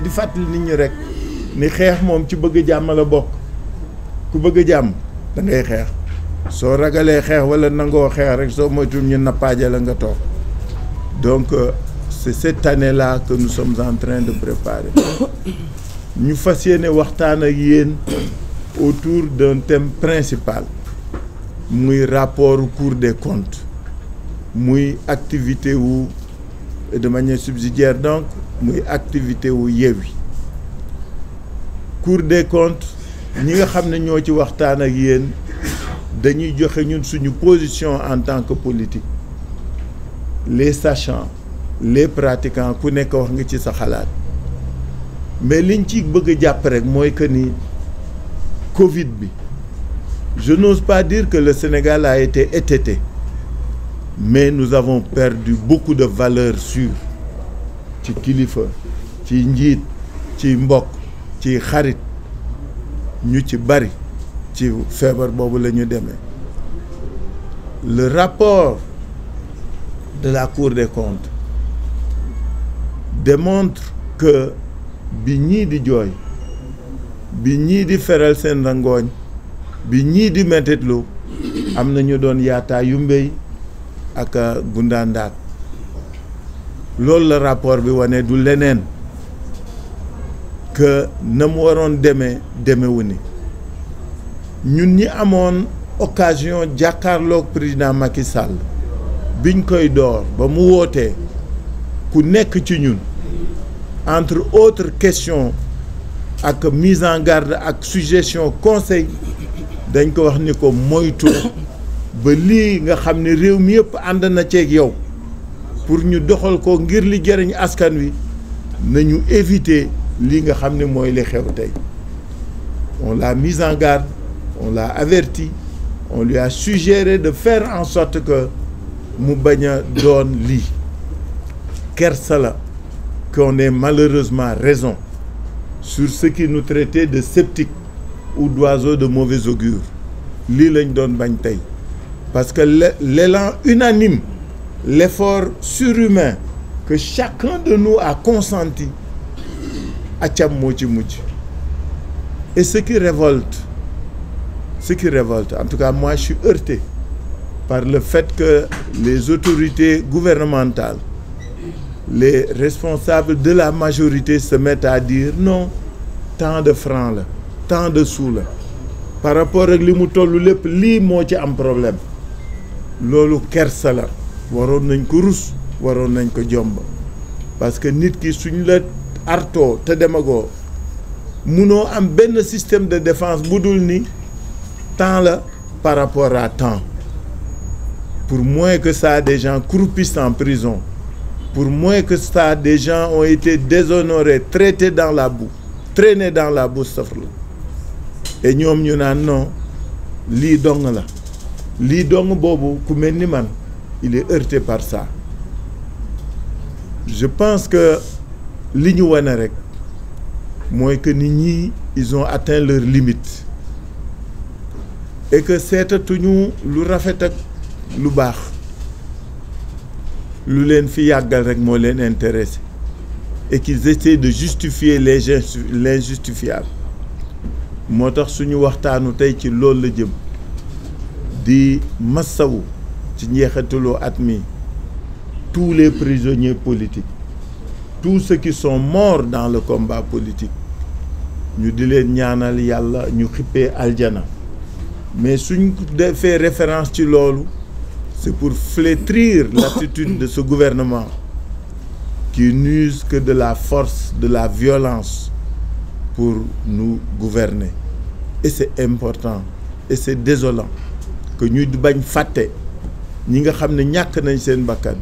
di fàttali nit ñi rek ni xeex moom ci bëgg jàmm la bokk ku bëgg jàmm da xeex soo ragalee xeex wala nangoo xeex rek soo moytuwul ñu nappaaje la nga toog donc euh, c'est cette année-là que nous sommes en train de préparer ñu fas yéene waxtaan ak yéen autour d'un thème principal muy rapport Cour des comptes muy activité wu de manière subsidiaire donc muy activité wu Yewwi Cour des comptes ñi nga xam ne ñoo ci waxtaan ak yéen dañuy joxe ñun suñu position en tant que politique les sachants les pratiquants ku nekk wax nga ci sa xalaat mais liñ ci bëgg a jàpp rek mooy que ni Covid bi je n'ose pas dire que le Sénégal a été étêté mais nous avons perdu beaucoup de valeurs sûres ci kilifa ci njiit ci mbokk ci xarit ñu ci bari ci feebar boobu la ñu demee le rapport de la Cour des comptes démontre que bi ñii di jooy bi ñii di feral seen rangooñ bi ñii di mettitlu am na ñu doon yaataay yu mbéy ak euh, Goundandane loolu la rapport bi wane du leneen que na mu waroon demee demewu ni ñun ñi amoon occasion jàkkaarloog président Macky biñ koy door ba mu wootee ku nekk ci ñun entre autres question ak mise en garde ak suggestion conseil dañ ko wax ni ko moytu ba lii nga xam ne réew mi yëpp ànd na ceeg yow pour ñu doxal ko ngir li jëriñ askan wi nañu éviter lii nga xam ne mooy li xew tey on l'a mise en garde on l'a averti on lui a suggéré de faire en sorte que mu bañ a doon lii kersa la qu'on malheureusement raison sur ce qui nous traitait de sceptiques ou d'oiseaux de mauvais augure lii lañ doon bañ tey Parce que l'élan unanime, l'effort surhumain que chacun de nous a consenti à Tchamouchimouchi. Et ce qui révolte, ce qui révolte, en tout cas moi je suis heurté par le fait que les autorités gouvernementales, les responsables de la majorité se mettent à dire non, tant de francs la tant de sous la Par rapport ak li mu toll lépp lii moo ci am problème loolu kersa la waroon nañ ko rus waroon nañ ko jomb parce que nit ki suñu la artoo te demagoo mënoo am benn système de défense bu dul ni temps la par rapport à temps pour moins que ça des gens croupissent en prison pour moins que ça des gens ont été déshonorés traités dans la boue traînés dans la boue safla et ñoom ñu naan non lii dong la lii dong boobu ku mel ni man il est heurté par ça je pense que li ñu wane rek mooy que nit ñi ils ont atteint leur limite et que seetatuñu lu rafet ak lu baax lu leen fi yàggal rek moo leen intéressé et qu'ils essaient de justifier les l'injustifiable moo tax suñu waxtaanu tey ci loolu la jëm di massawu ci njeexitalu at mi tous les prisonniers politiques tous ceux qui sont morts dans le combat politique ñu di leen ñaanal yàlla ñu xippee aljana mais suñ defee référence ci loolu c'est pour flétrir l'attitude de ce gouvernement qui n'use que de la force de la violence pour nous gouverner et c'est important et c'est désolant que ñu du bañ fàtte ñi nga xam ne ñàkk nañ seen bakkan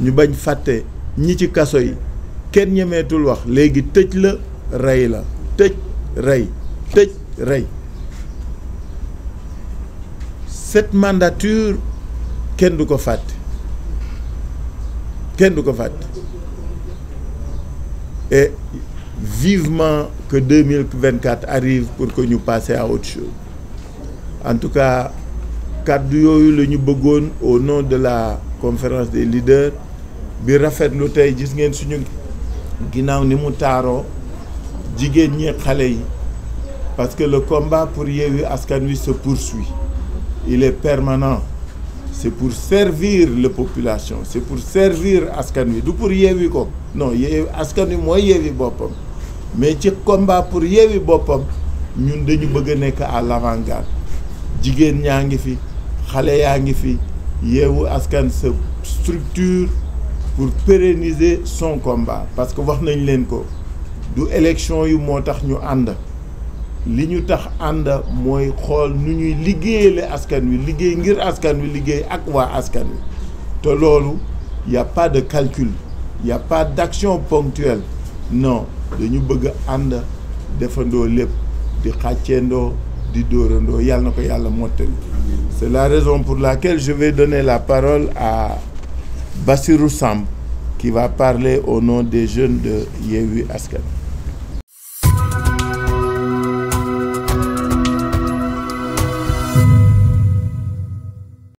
ñu bañ fàtte ñi ci kaso yi kenn ñemeetul wax léegi tëj la rey la tëj rey tëj rey cette mandature kenn du ko fàtte kenn du ko fàtte et vivement que 2024 arrive pour que ñu passer à autre chose en tout cas kàddu yooyu la ñu bëggoon au nom de la conférence des leaders bi rafetlu tey gis ngeen suñu ginnaaw ni mu taaroo jigéen ñi xale yi parce que le combat pour Yewwi Askan Wi se poursuit il est permanent c'est pour servir la population c'est pour servir askan wi du pour Yewwi ko non Yewwi askan wi mooy Yewwi boppam mais ci combat pour Yewwi boppam ñun dañu bëgg a nekk à l'avant-garde jigéen ñaa ngi fi xale yaa ngi fi yeewu askan sa structure pour pérenniser son combat parce que wax nañ leen ko du élection yi moo tax ñu ànd li ñu tax ànd mooy xool nu ñuy liggéeyale askan wi liggéey ngir askan wi liggéey ak waa askan wi te loolu y a de calcul y d'action ponctuelle non dañu bëgg ànd defandoo lépp di xàcceendoo di dóorandoo yàlla na ko yàlla mottali C'est la raison pour laquelle je vais donner la parole à Bassirou Samb qui va parler au nom des jeunes de Yewwi Askan